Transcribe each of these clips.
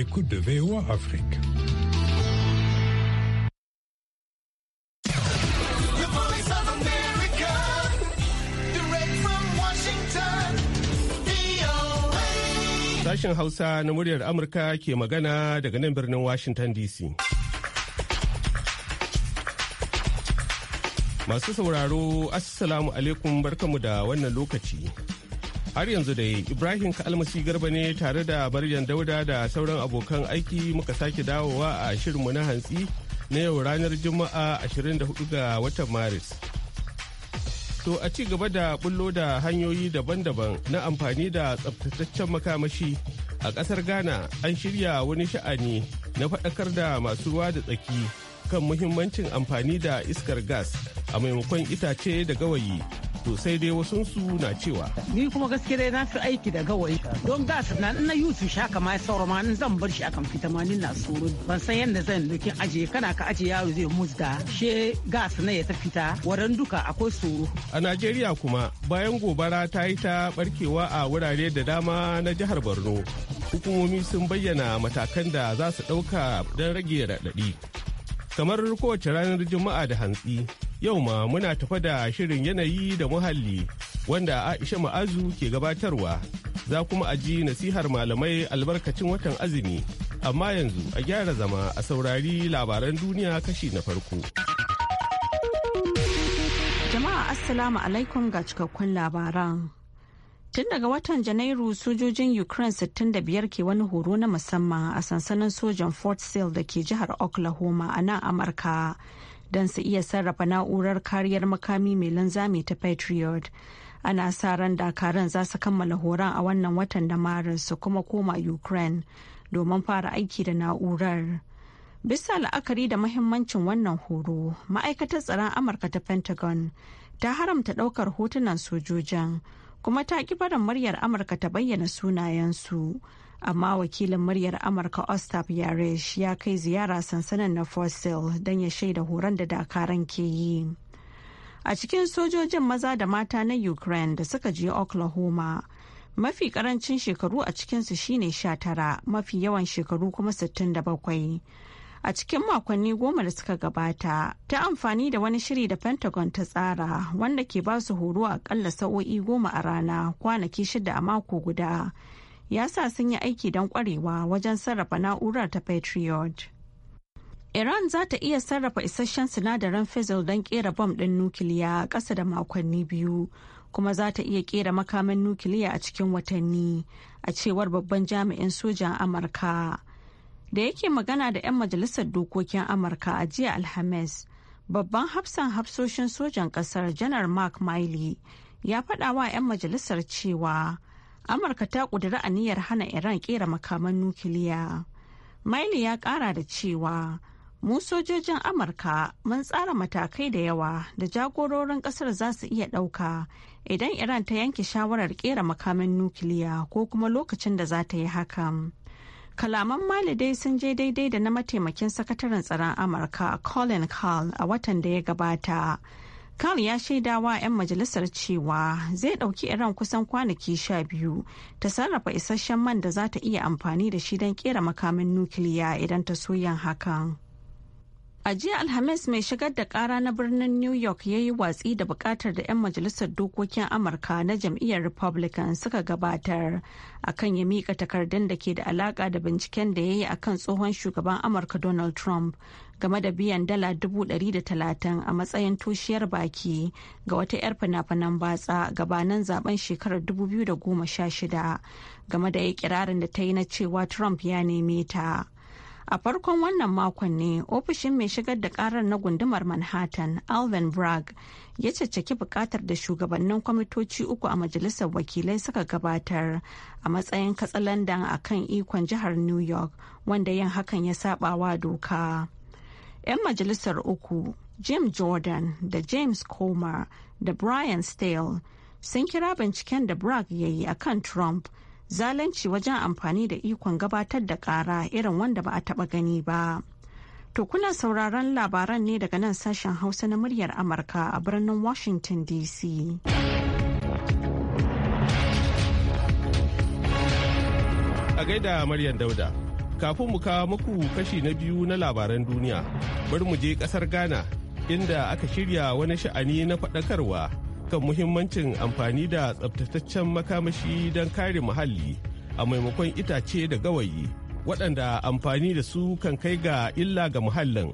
Écoute de VOA Afrique. Sashen Hausa na muryar Amurka ke magana daga nan birnin Washington DC. Masu sauraro, Assalamu alaikum barkamu da wannan lokaci. Har yanzu dai Ibrahim Kalmasi Garba ne tare da baryan Dauda da sauran abokan aiki muka sake dawowa a shirinmu na hantsi na yau ranar Juma'a 24 ga watan Maris. To a ci gaba da bullo da hanyoyi daban-daban na amfani da tsabtataccen makamashi a kasar Ghana an shirya wani sha'ani na faɗakar da masu ruwa da tsaki kan muhimmancin amfani da iskar gas a maimakon itace da gawayi to sai dai su na cewa. Ni kuma gaske dai na fi aiki da gawayi don gas na na yusu sha kama ya sauro in zan bar shi akan fita ma ni na tsoro ban san yadda zan dukin aje kana ka aje yaro zai musga she gas na ya ta fita waran duka akwai tsoro. A Najeriya kuma bayan gobara ta yi ta barkewa a wurare da dama na jihar Borno. Hukumomi sun bayyana matakan da za su ɗauka don rage raɗaɗi. Kamar kowace ranar Juma'a da hantsi Yau ma muna tafa da shirin yanayi da muhalli wanda Aisha Ma'azu ke gabatarwa. Za kuma a ji nasihar malamai albarkacin watan azumi. Amma yanzu a gyara zama a saurari labaran duniya kashi na farko. Jama'a Assalamu alaikum ga cikakkun labaran. Tun daga watan Janairu sojojin Ukraine 65 ke wani horo na musamman a sansanin sojan Fort sale da ke jihar Oklahoma a nan Amurka. don su iya sarrafa na'urar kariyar makami mai linzami ta patriot ana sa ran dakaran za su kammala horon a wannan watan da maris su kuma koma ukraine domin fara aiki da na'urar bisa la'akari da mahimmancin wannan horo ma'aikatar tsaron amurka ta pentagon ta haramta ɗaukar hotunan sojojin kuma ta ƙi barin muryar amurka ta bayyana sunayensu amma wakilin muryar amurka ostap yaresh ya kai ziyara sansanin na fossil don ya shaida horon da dakaran ke yi a cikin sojojin maza da mata na ukraine da suka je oklahoma mafi karancin shekaru a cikinsu shine sha tara mafi yawan shekaru kuma 67 a cikin makonni goma da suka gabata ta amfani da wani shiri da pentagon ta tsara wanda ke ba su horo akalla sa'o'i goma a rana kwanaki shida a mako guda ya sa sun yi aiki don kwarewa wajen sarrafa na'urar ta patriot iran za ta iya sarrafa isasshen sinadarin fizzle don kera bom ɗin nukiliya ƙasa da makonni biyu kuma za ta iya kera makamin nukiliya a cikin watanni a cewar babban jami'in sojan amurka da yake magana da 'yan majalisar dokokin amurka a jiya alhamis babban hafsan hafsoshin sojan kasar janar mark miley ya faɗa wa 'yan majalisar cewa amurka ta ƙudiri aniyar hana iran ƙera makaman nukiliya maili ya kara da cewa mu sojojin amurka mun tsara matakai da yawa da jagororin kasar za su iya ɗauka idan iran ta yanke shawarar kera makamin nukiliya ko kuma lokacin da za ta yi hakan kalaman malidai sun je daidai da na mataimakin sakataren tsaron amurka colin call a watan da ya gabata Khan ya shaida wa 'yan majalisar cewa zai ɗauki Iran kusan kwanaki sha biyu ta sarrafa isasshen man da za ta iya amfani da shi don kera makamin nukiliya idan ta so yin hakan. A jiya Alhamis mai shigar da kara na birnin New York ya yi watsi da bukatar da 'yan majalisar dokokin Amurka na jam'iyyar Republican suka gabatar a kan ya miƙa takardun da ke da alaƙa da binciken da ya yi a kan tsohon shugaban Amurka Donald Trump game da biyan dala talatin a matsayin toshiyar baki ga wata 'yar fina-finan batsa gabanin zaben shekarar 2016 game da ya kirarin da ta yi na cewa Trump ya neme ta. A farkon wannan makon ne ofishin mai shigar da karar na gundumar Manhattan, Alvin Bragg, ya caccaki bukatar da shugabannin kwamitoci uku a majalisar wakilai suka gabatar a matsayin katsalandan a kan ikon jihar New York, wanda yin hakan ya sabawa doka. 'Yan majalisar uku, Jim Jordan da James Comer da Brian Stale, sun kira binciken da Bragg ya yi a kan Trump. zalunci wajen amfani da ikon gabatar da kara irin wanda ba a taba gani ba. To kuna sauraron labaran ne daga nan sashen Hausa na muryar Amurka a birnin Washington DC. A gaida Maryam Dauda, kafin mu kawo muku kashi na biyu na labaran duniya, bari mu je kasar Ghana inda aka shirya wani sha'ani na faɗakarwa. kan muhimmancin amfani da tsabtataccen makamashi don kare muhalli a maimakon itace da gawayi waɗanda amfani da su kan kai ga illa ga muhallin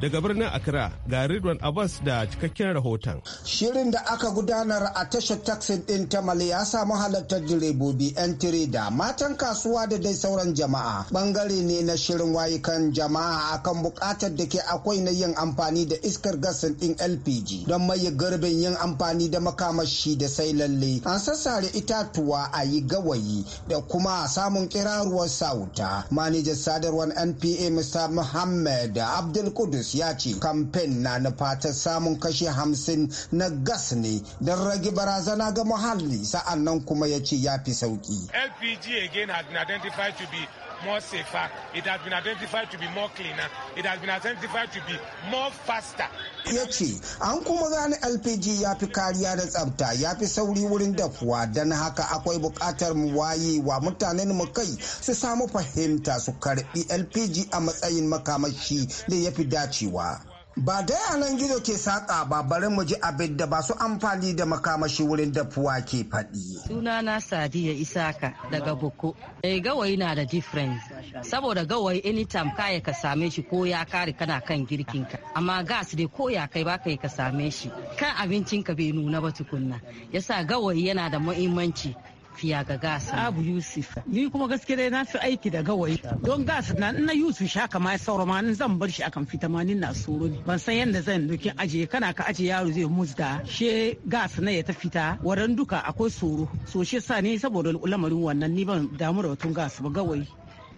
Daga birnin Accra ga Ridwan Abbas da cikakken rahoton. Shirin da aka gudanar a tashar taxin ɗin Mali ya samu halartar direbobi 'yan tireda matan kasuwa da dai sauran jama'a. Bangare ne na shirin wayukan jama'a akan buƙatar da ke akwai na yin amfani da iskar gasin ɗin LPG don maye garbin yin amfani da makamashi da sai lalle. An sassare itatuwa a yi gawayi da kuma samun kiraruwar sauta. Manajan sadarwar NPA Mr. Muhammad Abdul Kudus ya ce kamfen na nufatar samun kashe hamsin na gas ne don rage barazana ga muhalli sa'annan kuma ya ce ya fi sauki lpg again has been identified to be more safer. It has been identified to be more cleaner. It has been identified to be more faster. Ya ce, an kuma gane LPG ya fi kariya da tsabta ya fi sauri wurin dafuwa don haka akwai bukatar mu waye wa mutanen mu kai su samu fahimta su karbi LPG a matsayin makamashi da ya fi dacewa. ba da yanan gizo ke saƙa ba bari mu ji abin da ba su amfani da makamashi wurin dafuwa ke faɗi. suna na sadiya isaka daga boko eh gawayi na da difference saboda gawayi anytime kaya ka same shi ko ya kare kana kan girkin ka amma gas dai ko ya kai baka ka same shi kan abincin ka bai nuna ba tukunna yasa gawayi yana da muhimmanci fiya ga gas abu yusuf ni kuma gaske dai na fi aiki da gawayi don gas na na yusuf sha ya sauro ma zan bar shi akan fita ma na soro ne ban san yadda zan doki aje kana ka aje yaro zai musda she gas na ya ta fita waran duka akwai soro so shi sa ne saboda lamarin wannan ni ban damu da batun gas ba gawayi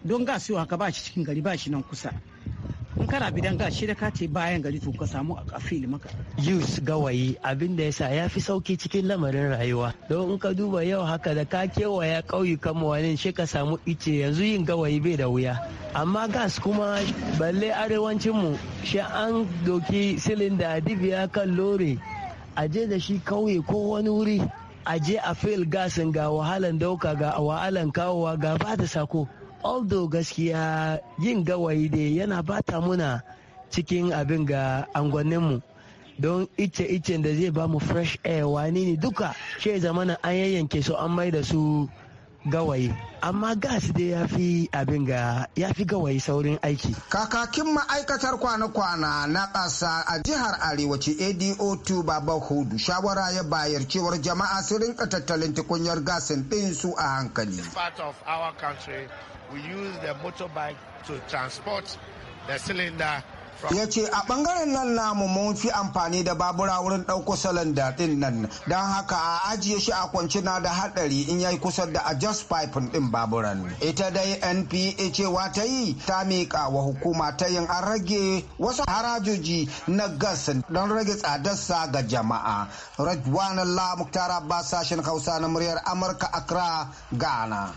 don gas yau haka ba shi cikin gari ba shi nan kusa in kana bidan gas shi da ka bayan gari to ka samu a fili maka use gawayi abin da yasa ya fi sauki cikin lamarin rayuwa don in ka duba yau haka da ka kewaya ƙauyukan mu wani shi ka samu ice yanzu yin gawayi bai da wuya amma gas kuma balle arewacin mu shi an doki silinda dibiya kan lori a je da shi kauye ko wani wuri a je a fil gasin ga wahalan dauka ga wahalan kawowa ga ba da sako oldo gaskiya yin gawayi dai yana bata muna cikin abin ga angoninmu don ice icen da zai ba mu fresh air wani ne duka ke zamana an yayyanke su an mai da su gawayi amma gas dai ya fi abin ga ya fi gawayi saurin aiki kakakin ma'aikatar kwana-kwana na ƙasa a jihar arewaci ado2 baba hudu shawara ya bayar cewar jama'a su rinka tattalin tukunyar gasin ɗin su a hankali we use the to the cylinder ya ce a bangaren nan namu mun fi amfani da babura wurin ɗauko salon ɗin nan don haka a ajiye shi a kwancina da hadari in yayi kusa da adjust pipe din baburan ita dai npa cewa ta yi ta miƙa wa hukuma ta yin an rage wasu harajoji na gas don rage tsadarsa ga jama'a rajwan allah ba sashen hausa na muryar amurka accra gana.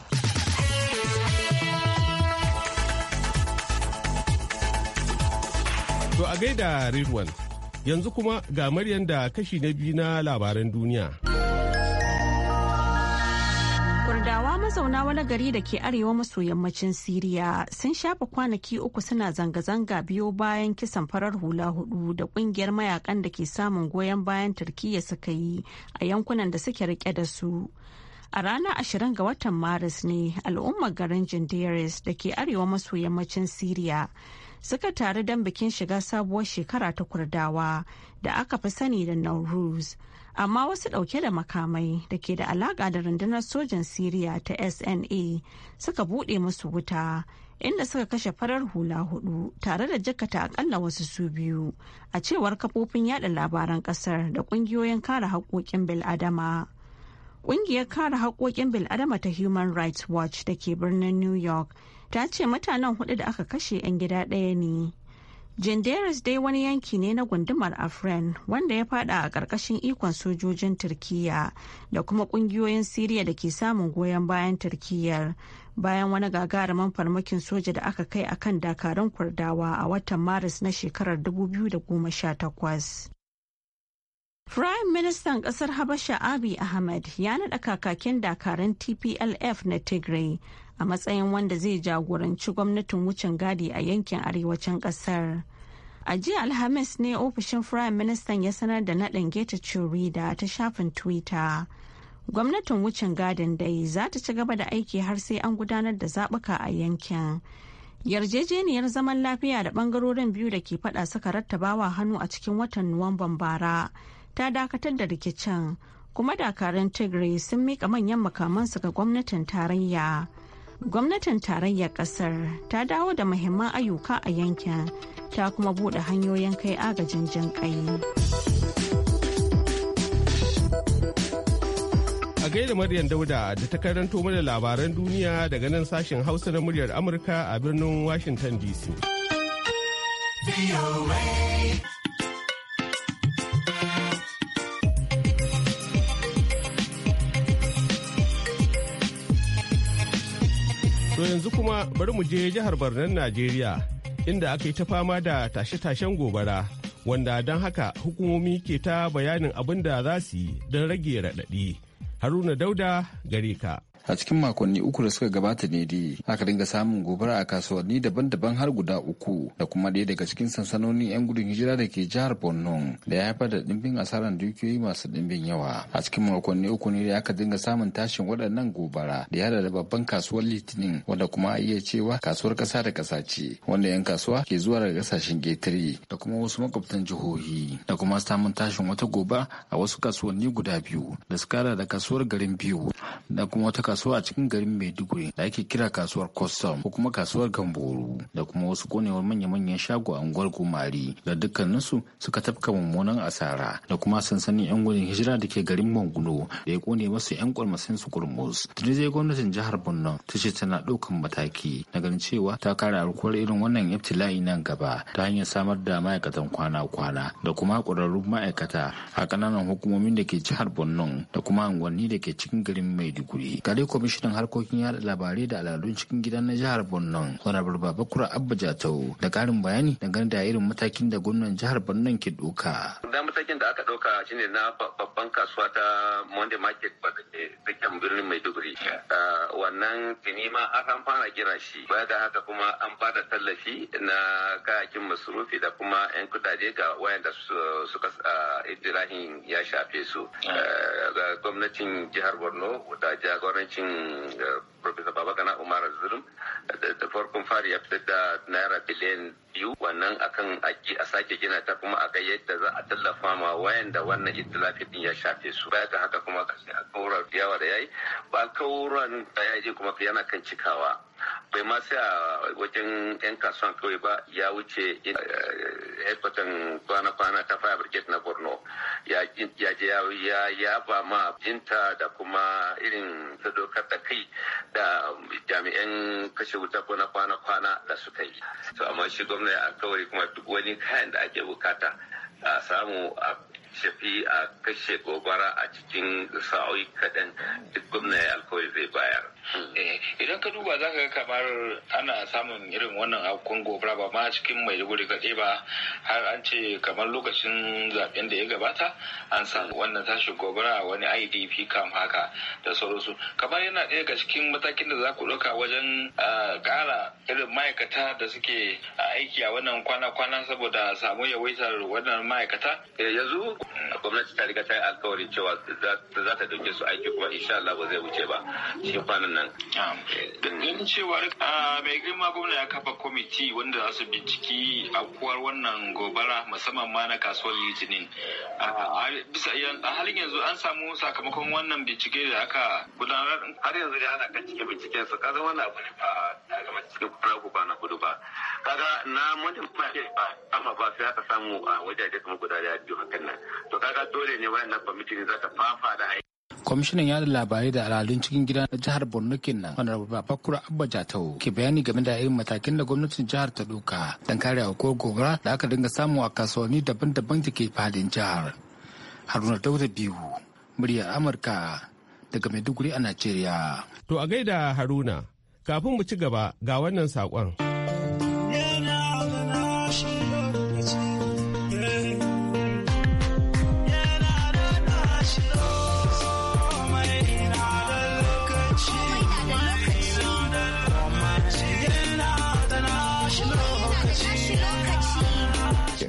To a gaida Ridwan, yanzu kuma ga Maryam da kashi na biyu na labaran duniya. Kurdawa mazauna wani gari da ke arewa maso yammacin Siriya sun shafa kwanaki uku suna zanga-zanga biyo bayan kisan farar hula hudu da kungiyar mayakan da ke samun goyon bayan Turkiyya suka yi a yankunan da suke rike da su. A ranar 20 ga watan Maris ne al'ummar garin Jindiris da ke arewa maso yammacin Siriya suka taru don bikin shiga sabuwar shekara ta kurdawa da aka fi sani da Nauruz. Amma wasu ɗauke da makamai da ke da alaƙa da rundunar sojan Siriya ta SNA suka buɗe musu wuta inda suka kashe farar hula hudu tare da jakata akalla wasu su biyu a cewar kafofin yada labaran ƙasar da ƙungiyoyin kare haƙoƙin bil'adama. Ƙungiyar kare haƙoƙin bil'adama ta Human Rights Watch da ke birnin New York ta ce mutanen hudu da aka kashe 'yan gida ɗaya ne. Jinderis dai wani yanki ne na gundumar Afren wanda ya fada a ƙarƙashin ikon sojojin Turkiyya da kuma ƙungiyoyin Siriya da ke samun goyon bayan Turkiyyar bayan wani gagarumin farmakin soja da aka kai akan dakarun Kurdawa a watan Maris na shekarar 2018. Firayim Ministan ƙasar Habasha Abiy Ahmed ya naɗa kakakin dakarun TPLF na Tigray a matsayin wanda zai jagoranci gwamnatin wucin gadi a yankin arewacin kasar. A jiya Alhamis ne ofishin Firayim Ministan ya sanar da naɗin Geta Churida ta shafin Twitter. Gwamnatin wucin gadin dai za ta ci gaba da aiki har sai an gudanar da zaɓuka a yankin. Yarjejeniyar zaman lafiya da ɓangarorin biyu da ke faɗa suka rattabawa hannu a cikin watan Nuwamban bara ta dakatar da rikicin kuma dakarun Tigray sun miƙa manyan makamansu ga gwamnatin tarayya. gwamnatin tarayyar kasar ta dawo da muhimman ayyuka a yankin ta kuma bude hanyoyin kai agajin jin kai a gaida maryam dauda da ta karanto mana labaran duniya daga nan sashen hausa na muryar amurka a birnin washington dc yanzu kuma bari mu je jihar Barnan Najeriya inda aka yi ta fama da tashe-tashen gobara wanda don haka hukumomi ke ta bayanin abin da za su yi don rage raɗaɗi. Haruna Dauda gare ka. a cikin makonni uku da suka gabata ne dai aka dinga samun gobara a kasuwanni daban-daban har guda uku da kuma ɗaya daga cikin sansanonin 'yan gudun hijira da ke jihar borno da ya haifar da ɗimbin asarar dukiyoyi masu ɗimbin yawa a cikin makonni uku ne da aka dinga samun tashin waɗannan gobara da ya da babban kasuwar litinin wanda kuma a iya cewa kasuwar ƙasa da ƙasa ce wanda 'yan kasuwa ke zuwa daga ƙasashen ƙetare da kuma wasu makwabtan jihohi da kuma samun tashin wata goba a wasu kasuwanni guda biyu da suka da kasuwar garin biyu da kuma wata kasuwa a cikin garin Maiduguri da ake kira kasuwar Custom ko kuma kasuwar Gamboru da kuma wasu konewar manya-manyan shago a unguwar Gumari da dukkaninsu suka tafka mummunan asara da kuma sansanin 'yan gudun hijira da ke garin Manguno da ya kone masu 'yan kwalmasin su kurmus. Tuni zai gwamnatin jihar Borno ta ce tana ɗaukan mataki na ganin cewa ta kare aukuwar irin wannan iftila'i nan gaba ta hanyar samar da ma'aikatan kwana-kwana da kuma ƙwararrun ma'aikata a ƙananan hukumomin da ke jihar Borno da kuma unguwanni da ke cikin garin Maiduguri. dai kwamishinan harkokin yada labarai da al'adun cikin gidan na jihar borno honorable babakura abba jatau da karin bayani dangane da irin matakin da gwamnan jihar borno ke doka da matakin da aka doka shine na babban kasuwa ta monday market da ke birnin maiduguri wannan ma an fara kira shi baya da haka kuma an bada tallafi na kayakin masurufi da kuma 'yan kudaje ga wayanda suka ibrahim ya shafe su mm. gwamnatin jihar borno da jagoranci lokacin eh, Professor babakana Umar Zulum eh, da farkon fari ya fitar da naira biliyan biyu wannan akan a sake gina ta kuma a ga da za a tallafa ma wayan da wannan itilafi din ya shafe su baya ta haka kuma a kaura yawa da yayi ba kauran da yaji kuma yana kan cikawa bai ma sai a wajen yan kasuwan kawai ba ya wuce eh, headquarter kwana-kwana ta fire brigade na borno ya je ya ya ba ma jinta da kuma irin sadaukar da kai da jami'an kashe wuta kwana-kwana da suka yi to amma shi gwamna ya kawai kuma duk wani kayan da ake bukata a samu shafi a kashe gobara a cikin sa'o'i kaɗan duk gwamna ya alkawai zai bayar. Eh, idan ka duba za ka ga kamar ana samun irin wannan haukun gobara ba ma cikin mai guri kaɗai ba har an ce kamar lokacin zaben da ya gabata an samu wannan tashi gobara wani IDP kam haka da sauransu. Kamar yana ɗaya ga cikin matakin da za ku ɗauka wajen ƙara irin ma'aikata da suke aiki a wannan kwana-kwana saboda samu yawaitar wannan ma'aikata. Eh, yanzu gwamnati ta riga ta yi alkawarin cewa za ta dauke su aiki kuma insha Allah ba zai wuce ba cikin kwanan nan. Eh, Ganin cewa mai girma gwamna ya kafa kwamiti wanda za su binciki akuwar wannan gobara musamman ma na kasuwar litinin. Bisa a halin yanzu an samu sakamakon wannan bincike da aka gudanar. Har yanzu da ana kan cike binciken su kaga wani abu ne ba ta gama cikin kuraku ko ba na kudu ba. Kaga na mun da ba amma ba sai aka samu a wajaje kamar guda da biyu hakan nan. to kaga dole ne wayannan kwamitin za ta fafa da aiki kwamishinan yada labarai da al'adun cikin gida na jihar borno kenan honorable babakura abba jatau ke bayani game da irin matakin da gwamnatin jihar ta doka don kare aukuwar gobara da aka dinga samu a kasuwanni daban-daban da ke fadin jihar haruna dauda biyu muryar amurka daga maiduguri a najeriya to a gaida haruna kafin mu ci gaba ga wannan saƙon.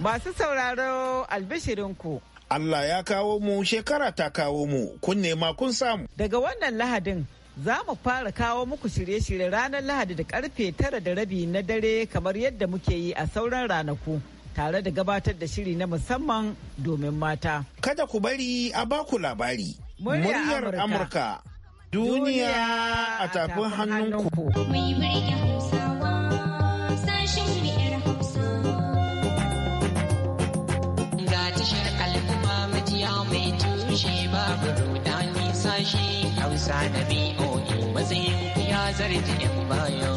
Masu sauraro albishirinku. Allah ya kawo mu shekara ta kawo mu kun nema kun samu. Daga wannan lahadin za mu fara kawo muku shirye-shirye ranar lahadi da karfe tara da rabi na dare kamar yadda muke yi a sauran ranaku. tare da gabatar da shiri na musamman domin mata. Kada ku bari a baku labari. Muryar Amurka. Duniya a tafin hannunku. Mai tashar al'umma majiya mai tushe babu rudani sashi hausa da boe matsayin ku ya zarji yan bayo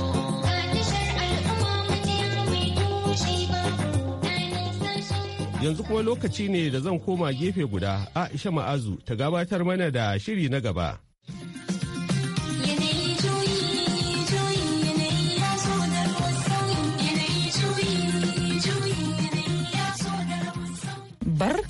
Yanzu kuma lokaci ne da zan koma gefe guda Aisha Ma'azu ta gabatar mana da shiri na gaba.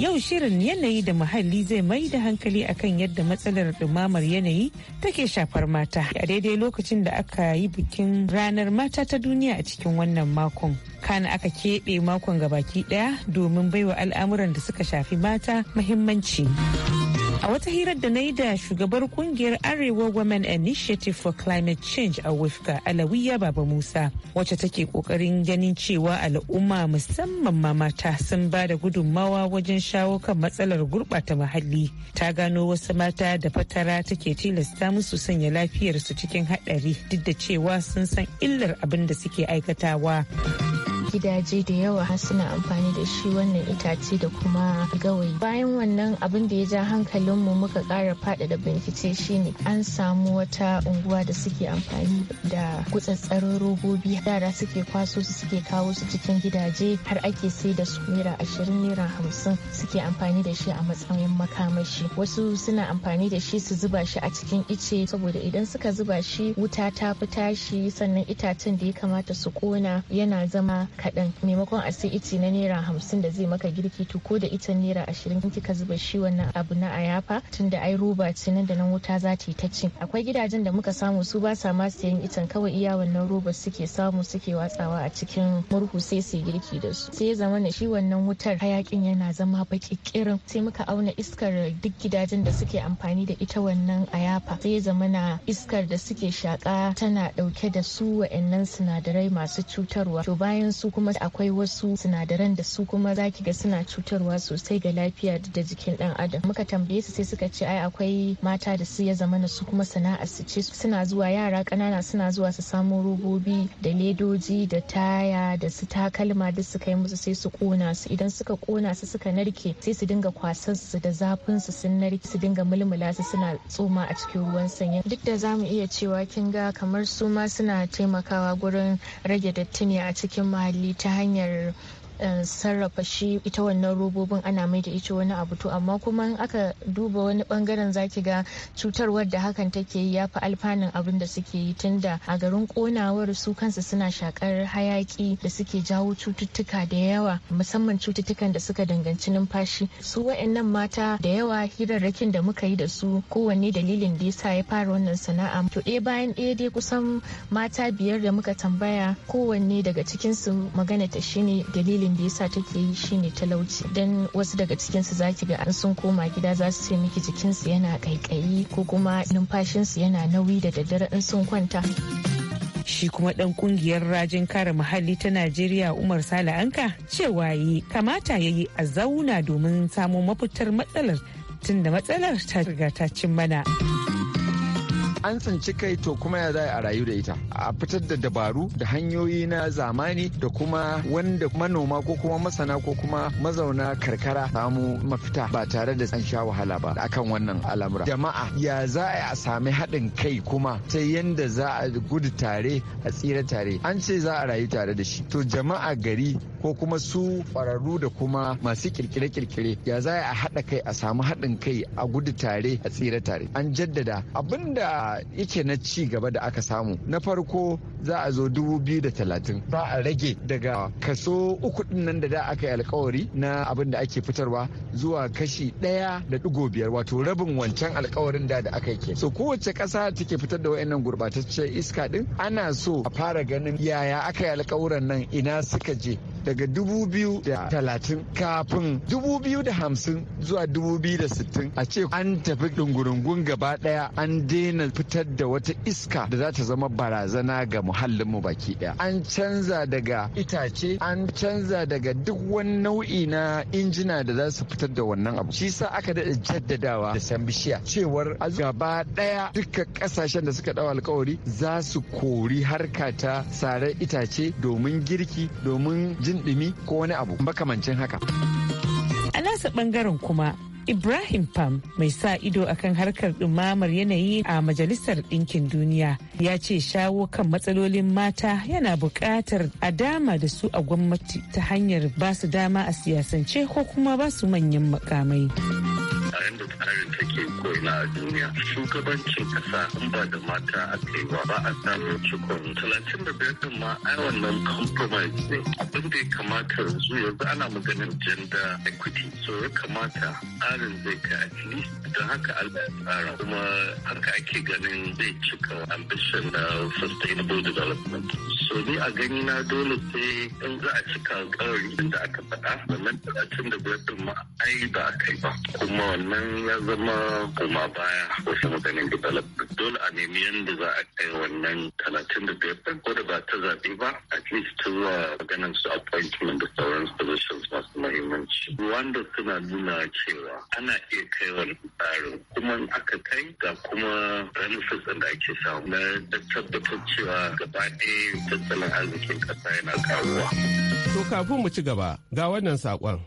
Yau shirin yanayi da muhalli zai mai da hankali akan yadda matsalar ɗumamar yanayi take shafar mata a daidai lokacin da aka yi bikin ranar mata ta duniya a cikin wannan makon. Kana aka keɓe makon gabaki ɗaya domin baiwa al'amuran da suka shafi mata muhimmanci. A wata hirar da na yi da shugabar kungiyar Arewa Women Initiative for Climate Change a Wifka Alawiya Baba Musa wacce take kokarin ganin cewa al'umma musamman ma mata sun ba da gudunmawa wajen shawo kan matsalar gurɓata muhalli. Ta gano wasu mata da fatara take tilasta musu sanya lafiyarsu cikin haɗari duk da cewa sun san illar abin da suke aikatawa. gidaje da yawa har suna amfani da shi wannan itace da kuma gawayi bayan wannan abin da ya ja hankalinmu muka ƙara faɗaɗa bincike shine an samu wata unguwa da suke amfani da gutsatsarin robobi yara suke kwaso su suke kawo su cikin gidaje har ake sai da su naira ashirin naira hamsin suke amfani da shi a matsayin makamashi wasu suna amfani da shi su zuba shi a cikin ice saboda idan suka zuba shi wuta ta fi tashi sannan itacen da ya kamata su kona yana zama kaɗan maimakon a sai ice na naira hamsin da zai maka girki to ko da ita naira ashirin kika zuba shi wannan abu na ayafa tunda ai roba ce nan da nan wuta za ta yi ta ci akwai gidajen da muka samu su ba sa ma sayan itan kawai iya wannan roba suke samu suke watsawa a cikin murhu sai su girki da su sai ya zama na shi wannan wutar hayakin yana zama bakikirin sai muka auna iskar duk gidajen da suke amfani da ita wannan ayafa sai zama na iskar da suke shaka tana ɗauke da su wa'annan sinadarai masu cutarwa to bayan su kuma akwai wasu sinadaran da su kuma zaki ga suna cutarwa sosai ga lafiya da jikin dan adam muka tambaye su sai suka ce ai akwai mata da su ya zama na su kuma sana'a su ce suna zuwa yara kanana suna zuwa su samo robobi da ledoji da taya da su takalma duk su kai musu sai su kona su idan suka kona su suka narke sai su dinga kwasan su da zafin su sun narke su dinga mulmula su suna tsoma a cikin ruwan sanyi duk da zamu iya cewa kin ga kamar su ma suna taimakawa gurin rage datti ne a cikin mali. muhalli ta hanyar Eh, sarrafa shi ita wannan robobin ana mai da ita wani abu to amma kuma aka duba wani bangaren zaki ga cutarwar da hakan take yi yafi alfanun abin da suke yi tunda a garin konawar su kansu suna shakar hayaki da suke jawo cututtuka da yawa musamman cututtukan da suka danganci numfashi su wa'annan mata da yawa hirarrakin da muka yi da su kowanne dalilin da yasa ya fara wannan sana'a to ɗaya bayan ɗaya dai kusan mata biyar da muka tambaya kowanne daga cikinsu magana ta shine dalilin dalilin da yasa take yi shine talauci dan wasu daga cikin su zaki ga an sun koma gida za su ce miki jikin su yana kaikayi ko kuma numfashin su yana nauyi da daddare in sun kwanta shi kuma dan kungiyar rajin kare muhalli ta Najeriya Umar Sale Anka cewa yi kamata yayi a zauna domin samun mafitar matsalar tunda matsalar ta riga ta cin mana. an tsinci kai to kuma ya za a rayu da ita a fitar da dabaru da hanyoyi na zamani da kuma wanda manoma ko kuma masana ko kuma mazauna karkara samu mafita ba tare da an sha wahala ba akan wannan al'amura jama'a ya za a sami haɗin kai kuma ta yanda za a gudu tare a tsira tare an ce za a rayu tare da shi to jama'a gari ko kuma su ƙwararru da kuma masu kirkire-kirkire ya za a haɗa kai a samu haɗin kai a gudu tare a tsira tare an jaddada abinda a ike na ci gaba da aka samu na farko za a zo talatin ba a rage daga kaso uku din nan da da aka yi alkawari na abin da ake fitarwa zuwa kashi ɗaya da digo biyar wato rabin wancan alkawarin da da aka yi so kowace kasa take fitar da wayannan gurbataccen iska din ana so a fara ganin yaya aka yi alkawuran nan ina suka je daga talatin kafin hamsin zuwa sittin a ce an tafi dungurungun gaba ɗaya an daina fitar da wata iska da za ta zama barazana ga muhallinmu baki ɗaya. an canza daga itace an canza daga duk wani nau'i na injina da za su fitar da wannan abu shi sa aka daɗa jaddadawa da san bishiya cewar a gaba ɗaya dukkan ƙasashen da suka ɗau alkawari za su kori harka ta sarar itace domin girki domin jin ɗumi ko wani abu makamancin haka. A nasa ɓangaren kuma Ibrahim Pam mai sa ido akan harkar dumamar yanayi a Majalisar Ɗinkin Duniya ya ce shawo kan matsalolin mata yana buƙatar a dama da su a gwamnati ta hanyar ba su dama a siyasance ko kuma ba su manyan makamai. da tsarin take ko'ina a duniya shugabancin kasa in ba da mata a kaiwa ba a samun cikon talatin da biyar din ma ai wannan compromise ne abin da ya kamata yanzu yanzu ana maganin gender equity so ya kamata tsarin zai kai at least don haka Allah ya tsara kuma haka ake ganin zai cika ambition na sustainable development so ni a gani na dole sai in za a cika alkawari da aka faɗa wannan talatin da biyar din ma ai ba a kai ba kuma wannan idan ya zama koma baya wasu maganin development dole a nemi yadda za a kai wannan talatin da biyar ɗin ko da ba ta zaɓe ba at least ta zuwa ganin su appointment da sauran positions masu mahimmanci wanda suna nuna cewa ana iya kai wani tsarin kuma aka kai ga kuma benefits da ake samu na tabbatar cewa gaba ɗaya tattalin arzikin ƙasa yana karuwa. To kafin mu ci gaba ga wannan sakon.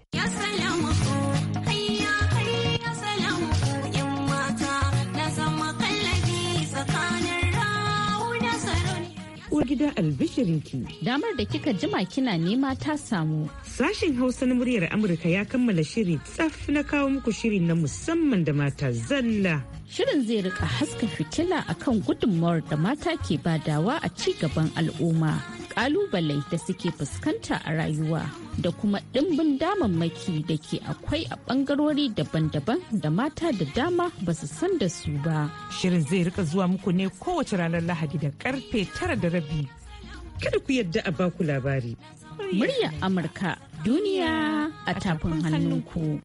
uwar gida albishirinki. Damar da kika jima kina nema ta samu. Sashen Hausa na muryar Amurka ya kammala shiri tsaf na kawo muku shiri na musamman da mata zalla. Shirin zai rika haska fitila akan gudunmawar da mata ke badawa a ci gaban al'umma. kalubale da suke fuskanta a rayuwa da kuma ɗimbin damammaki da ke akwai a ɓangarori daban-daban da mata da dama ba su san da su ba. Shirin zai rika zuwa muku ne kowace ranar Lahadi da karfe tara da rabi. Kada ku yadda a baku labari. Murya Amurka duniya a tafin hannunku.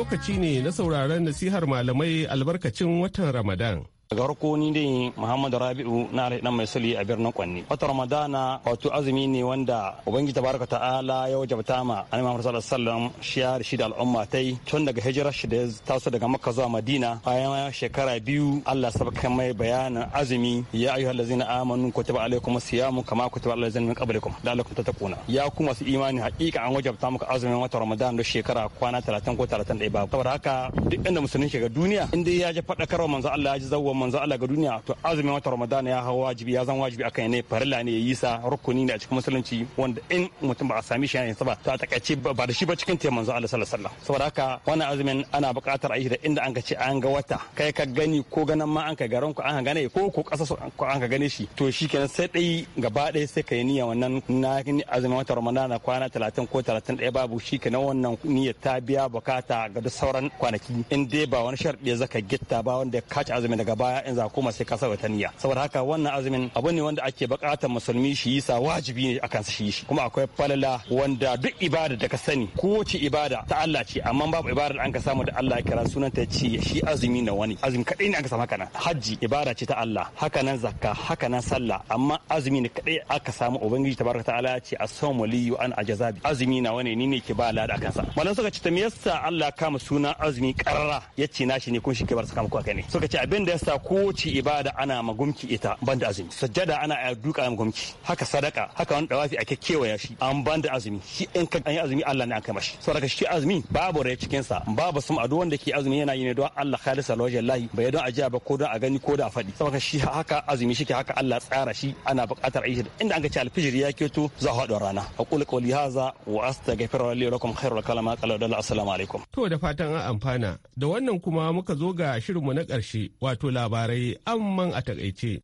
lokaci ne na sauraron nasihar malamai albarkacin watan Ramadan. daga farko ni dai muhammadu rabi'u na alai dan mai sali a birnin kwanni wata ramadana wato azumi ne wanda ubangiji baraka ta'ala ya wajabta ma annabi muhammad sallallahu alaihi wasallam shiyar shi da al'umma tai tun daga hijirar shi da ya taso daga makka zuwa madina bayan shekara biyu allah sabaka mai bayanin azumi ya ayyuhal ladzina amanu kutuba alaikum siyamu kama kutuba alal ladzina min qablikum ta takuna ya kuma su imani haƙiƙa an wajabta muku azumin wata ramadana da shekara kwana 30 ko 31 babu saboda haka duk inda musulmi shiga duniya in dai ya ji faɗakarwa manzo Allah ya ji zawwa manzo Allah ga duniya to azumin wata Ramadan ya hawa wajibi ya zan wajibi akan ne farilla ne yi sa rukuni ne a cikin musulunci wanda in mutum ba a sami shi yayin ba to a takaice ba da shi ba cikin tiyar manzo Allah sallallahu alaihi wasallam saboda haka wannan azumin ana buƙatar ayi da inda an ka ci an ga wata kai ka gani ko ganan ma an ka garan ku an ka gane ko ko ƙasa ko an ka gane shi to shikenan sai dai gaba ɗaya sai kai niyya wannan na azumin wata Ramadan kwana 30 ko 31 babu shikenan wannan niyyar ta biya bukata ga duk sauran kwanaki in dai ba wani sharɗi zaka gitta ba wanda ya kaci azumin daga baya baya in za koma sai kasa wataniya saboda haka wannan azumin abu ne wanda ake bukatar musulmi shi yi sa wajibi ne akan su shi shi kuma akwai falala wanda duk ibada da ka sani kowace ibada ta Allah ce amma babu ibada da an ka samu da Allah ya kira sunan ta ce shi azumi na wani azumi kadai ne an ka samu haka hajji ibada ce ta Allah haka nan zakka haka nan sallah amma azumi ne kadai aka samu ubangiji tabaraka ta'ala ya ce as-sawmu li an ajazabi azumi na wani ni ne ke ba lada akan sa malan suka ce ta me yasa Allah kama suna azumi karara yace nashi ne kun shi ke bar saka muku haka ne suka ce abin da yasa kowace ibada ana magumki ita ban da azumi sajjada ana a duka magumki haka sadaka haka wani dawafi ake kewaya shi an ban da azumi shi in ka an yi azumi Allah ne an mashi saboda shi azumi babu rai cikin sa babu sum adu wanda ke azumi yana yi ne don Allah khalisa lawajin lahi bai don ajiya ba ko don a gani ko da a faɗi saboda shi haka azumi shi ke haka Allah tsara shi ana buƙatar aishi inda an ga ci alfijir ya keto za a rana aqulu qawli hadha wa astaghfiru li wa lakum khairul kalama qala assalamu alaikum to da fatan an amfana da wannan kuma muka zo ga shirinmu na ƙarshe wato labarai amman a takaice.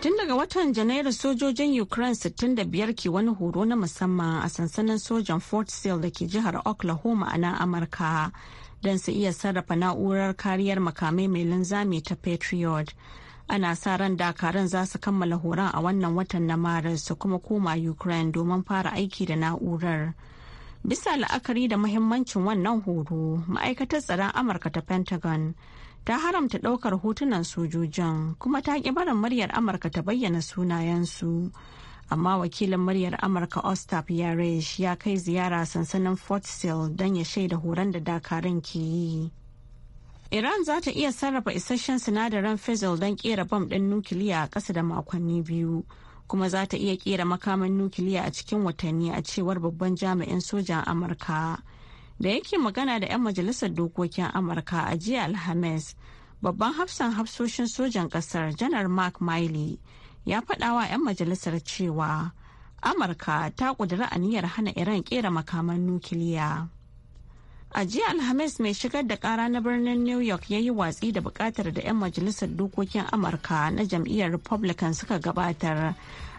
Tun daga watan Janairu sojojin Ukraine 65 ke wani horo na musamman a sansanin sojan Fort Sill da ke jihar Oklahoma a nan Amurka don su iya sarrafa na'urar kariyar makamai mai linzami ta Patriot. Ana sa ran dakaran za su kammala horon a wannan watan na Maris su kuma koma Ukraine domin fara aiki da na'urar. bisa la'akari da mahimmancin wannan horo ma'aikatar tsaron amurka ta pentagon ta haramta ɗaukar hotunan sojojin kuma ta ƙi barin muryar amurka ta bayyana sunayensu amma wakilin muryar amurka ostap yarish ya kai ziyara sansanin fort sill don ya shaida horon da dakarun ke yi Iran za ta iya sarrafa isasshen sinadarin fizzle don kera bam ɗin nukiliya a ƙasa da makonni biyu kuma za ta iya kera makaman nukiliya a cikin watanni a cewar babban jami'in sojan amurka da yake magana da 'yan majalisar dokokin amurka a jiya alhamis babban hafsan hafsoshin sojan kasar janar mark miley ya faɗawa 'yan majalisar cewa amurka ta ƙudiri aniyar hana iran kera makaman nukiliya a jiya alhamis mai shigar da kara na birnin new york ya yi watsi da bukatar da 'yan majalisar dokokin amurka na jam'iyyar republican suka gabatar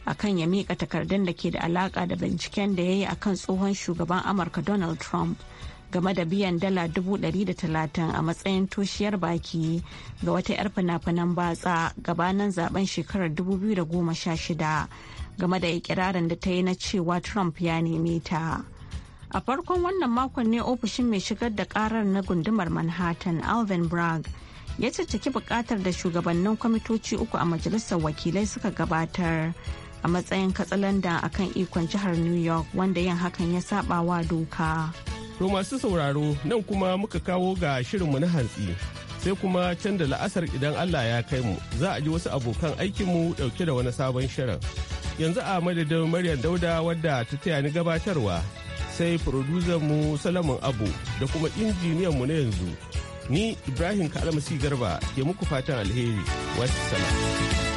a kan ya miƙa takardun da ke da alaƙa da binciken da ya yi akan tsohon shugaban amurka donald trump game da biyan dala talatin a matsayin toshiyar baki ga wata 'yar fina-finan batsa gabanin zaben shekarar 2016 game da ikirarin da ta yi na cewa trump ya neme ta. a farkon wannan makon ne ofishin mai shigar da karar na gundumar manhattan alvin bragg ya caccaki bukatar da shugabannin kwamitoci uku a majalisar wakilai suka gabatar a matsayin katsalanda a kan ikon jihar new york wanda yin hakan ya saba wa doka to masu sauraro nan kuma muka kawo ga shirinmu na hantsi sai kuma can da la'asar idan allah ya kai mu za a ji wasu abokan aikinmu dauke da wani sabon shirin yanzu a madadin maryam dauda wadda ta taya ni gabatarwa sai mu Salamun Abu da kuma injiniyan mu na yanzu. Ni Ibrahim Kalmasi Garba ke muku fatan alheri. Wassalam.